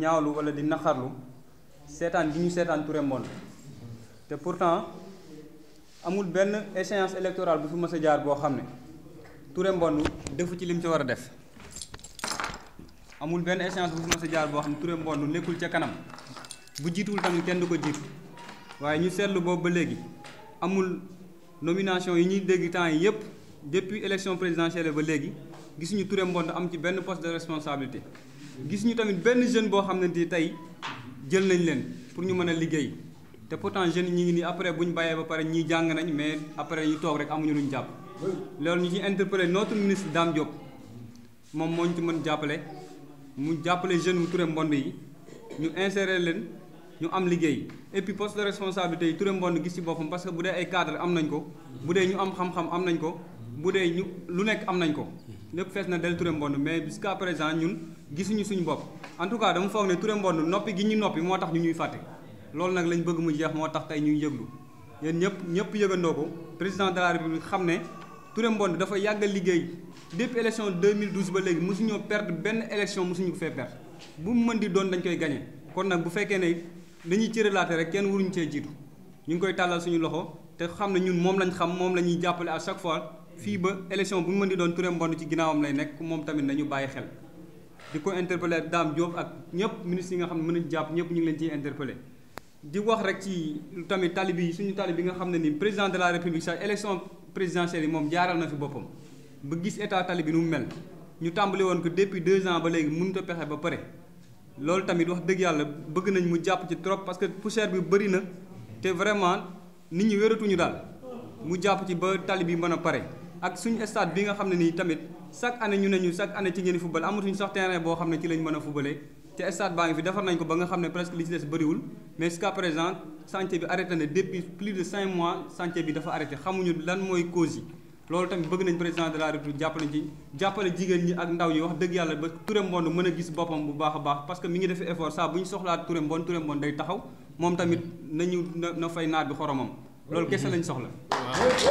ñaawlu wala di naqarlu seetaan gi ñu seetaan Touré Monde te pourtant amul benn échéance électorale bu fi mës jaar boo xam ne Touré Monde defu ci lim ci war a def amul benn échéance bu fi mës jaar boo xam ne Touré Monde nekkul ca kanam bu jiituwul tamit kenn du ko jiitu waaye ñu seetlu boobu ba léegi amul nomination yi ñuy dégg temps yi yépp depuis élection présidentielle ba léegi gisuñu Touré Monde am ci benn poste de responsabilité gis ñu tamit benn jeune boo xam ne di tey jël nañ leen pour ñu mën a liggéey te pourtant jeunes ñi ngi nii après bu ñu bàyyee ba pare ñii jàng nañ mais après ñu toog rek amuñu lu ñu jàpp. loolu ñu ci interpellé notre ministre Dame Diop moom moo ñu ci mën jàppale mu jàppale jeune wu Touré Mbond yi ñu insérer leen ñu am liggéey et puis poste de responsabilité yi Mbond gis ci boppam parce que bu dee ay cadre am nañ ko bu dee ñu am xam-xam am nañ ko bu dee ñu lu nekk am nañ ko. lépp fees na del Touré Mbond mais jusqu'à présent ñun gisuñu suñu bopp en tout cas dama foog ne Touré Mbond noppi gi ñu noppi moo tax ñu ñuy fàtte loolu nag lañ bëgg mu jeex moo tax tey ñuy yëglu yéen ñëpp ñëpp yëgandoo ko président de la république xam ne Touré Mbond dafa yàgg liggéey dépp depuis élection 2012 ba léegi mosuñoo perdre benn élection mosuñu ko fee perdre bu mu mën di doon dañ koy gagné kon nag bu fekkee ne dañuy laate rek kenn waruñu cee jiitu ñu ngi koy tàllal suñu loxo te xam ne ñun moom lañ xam moom la ñuy jàppale à chaque fois fii ba élection bu ñu mën di doon Touré Mbonde ci ginnaawam lay nekk moom tamit nañu bàyyi xel di ko interpeller daam Diop ak ñëpp ministre yi nga xam ne mën nañu jàpp ñëpp ñu ngi leen ciy interpeller di wax rek ci tamit tali bi suñu tali bi nga xam ne ni président de la république sax élection présidentielle yi moom jaaral na fi boppam ba gis état tali bi nu mu mel ñu tàmbali woon que depuis deux ans ba léegi mënut a pexe ba pare loolu tamit wax dëgg yàlla bëgg nañ mu jàpp ci trop parce que poussière bi bëri na te vraiment nit ñi wératuñu daal mu jàpp ci ba tali bi mën a pare ak suñu stade bi nga xam ne nii tamit chaque année ñu ne ñu chaque année ci ngeen football amatuñu sax terrain boo xam ne ci lañ mën a footballer te stade baa ngi fi defar nañ ko ba nga xam ne presque li ci des bëriwul mais jusqu'à présent chantier bi arrêté na depuis plus de cinq mois chantier bi dafa arrêté xamuñu lan mooy cause yi loolu tamit bëgg nañ président de la république jàppale ci jigéen ñi ak ndaw yi wax dëgg yàlla ba Touré Mbonde mën a gis boppam bu baax a baax parce que mi ngi def effort saa bu ñu soxlaa Touré Mbonde Touré Mbonde day moom tamit nañu na fay naat bi xoromam loolu kese lañ soxla